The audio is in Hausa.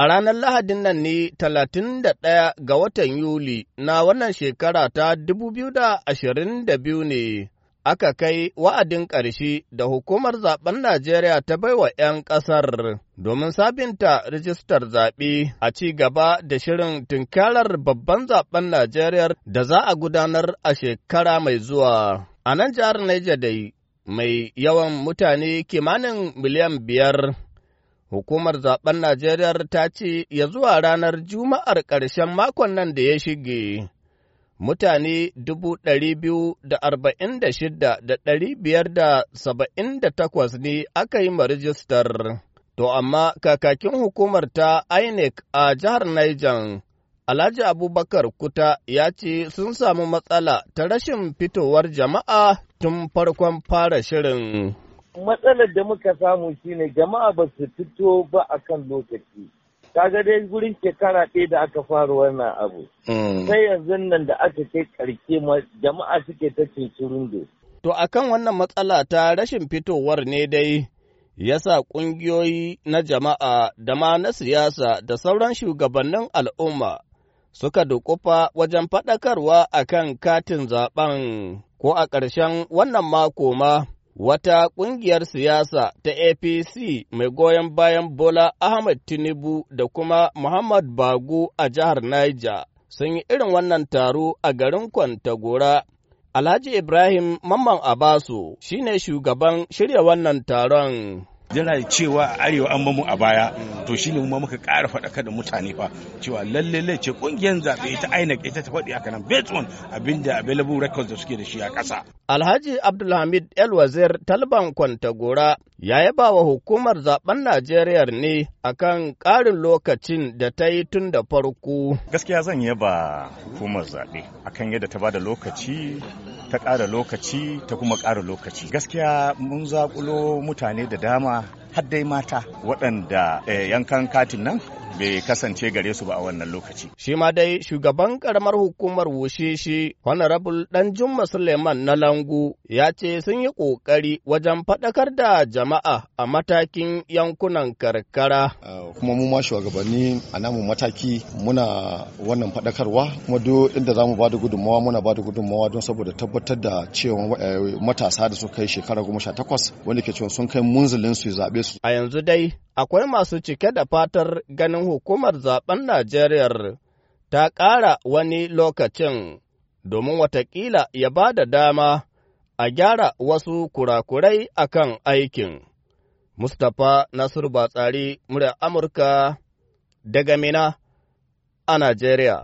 A ranar Lahadin nan ne talatin da ɗaya ga watan Yuli na wannan shekara ta dubu biyu da ashirin da biyu ne aka kai wa'adin ƙarshe da hukumar zaben Najeriya ta baiwa ‘yan ƙasar domin sabinta rijistar zaɓe a ci gaba da shirin tunkarar babban zaben Najeriya da za a gudanar a shekara mai zuwa. A nan jihar Niger dai mai yawan mutane kimanin miliyan biyar. Hukumar zaben Najeriya ta ce ya zuwa ranar Juma'ar ƙarshen makon nan da ya shige, mutane dubu ɗari biyu da arba'in da shida da ɗari biyar da saba'in da takwas ne aka yi marijistar. To amma kakakin hukumar ta INEC a jihar Niger, Alhaji Abubakar Kuta ya ce sun samu matsala ta rashin fitowar jama'a tun farkon fara shirin. matsalar da muka samu shine jama'a ba su fito ba a kan lokaci kaga dai gurin shekara ɗaya da aka fara wannan abu mm. sai yanzu nan da aka kai karke jama'a suke ta cincirundo to akan wannan matsala ta rashin fitowar ne dai ya sa ƙungiyoyi na jama'a da ma na siyasa da sauran shugabannin al'umma suka dukufa wajen faɗakarwa akan katin zaɓen ko a ƙarshen wannan mako ma Wata ƙungiyar siyasa ta APC mai goyon bayan Bola Ahmed Tinubu da kuma Muhammad Bago a jihar Niger sun yi irin wannan taro a garin Kwantagora. Alhaji Ibrahim Mamman Abasu shi ne shugaban shirya wannan taron. yana cewa a arewa an mamu a baya to ne mu muka ƙara faɗaka da mutane fa cewa lalle ce ƙungiyar zaɓe ita INEC ita ta faɗi a nan abinda available records da suke da shi a ƙasa Alhaji Abdulhamid El Wazir Talban Kwantagora ya yaba wa hukumar zaben Najeriya ne akan ƙarin lokacin da ta yi tun da farko gaskiya zan yaba hukumar zaɓe akan yadda ta ba da lokaci ta ƙara lokaci ta kuma ƙara lokaci gaskiya mun zaƙulo mutane da dama haddai mata waɗanda eh, yankan katin nan bai kasance gare su ba a wannan lokaci. Shi ma dai shugaban karamar hukumar Wushishi Honorable Danjuma Suleiman na Langu ya ce sun yi ƙoƙari wajen faɗakar da jama'a a matakin yankunan karkara. Ah, kuma mu ma shugabanni a namu mataki muna wannan faɗakarwa kuma duk inda za mu ba da gudunmawa muna ba da gudunmawa don saboda tabbatar da cewa eh, matasa da suka kai shekara goma sha takwas wanda ke cewa sun kai munzulin su zaɓe su. A yanzu dai akwai masu cike da fatar ganin hukumar zaben Najeriya ta ƙara wani lokacin domin watakila ya ba da dama a gyara wasu kurakurai kan aikin. Mustapha Nasiru Batsari, murya Amurka daga Mina a Najeriya.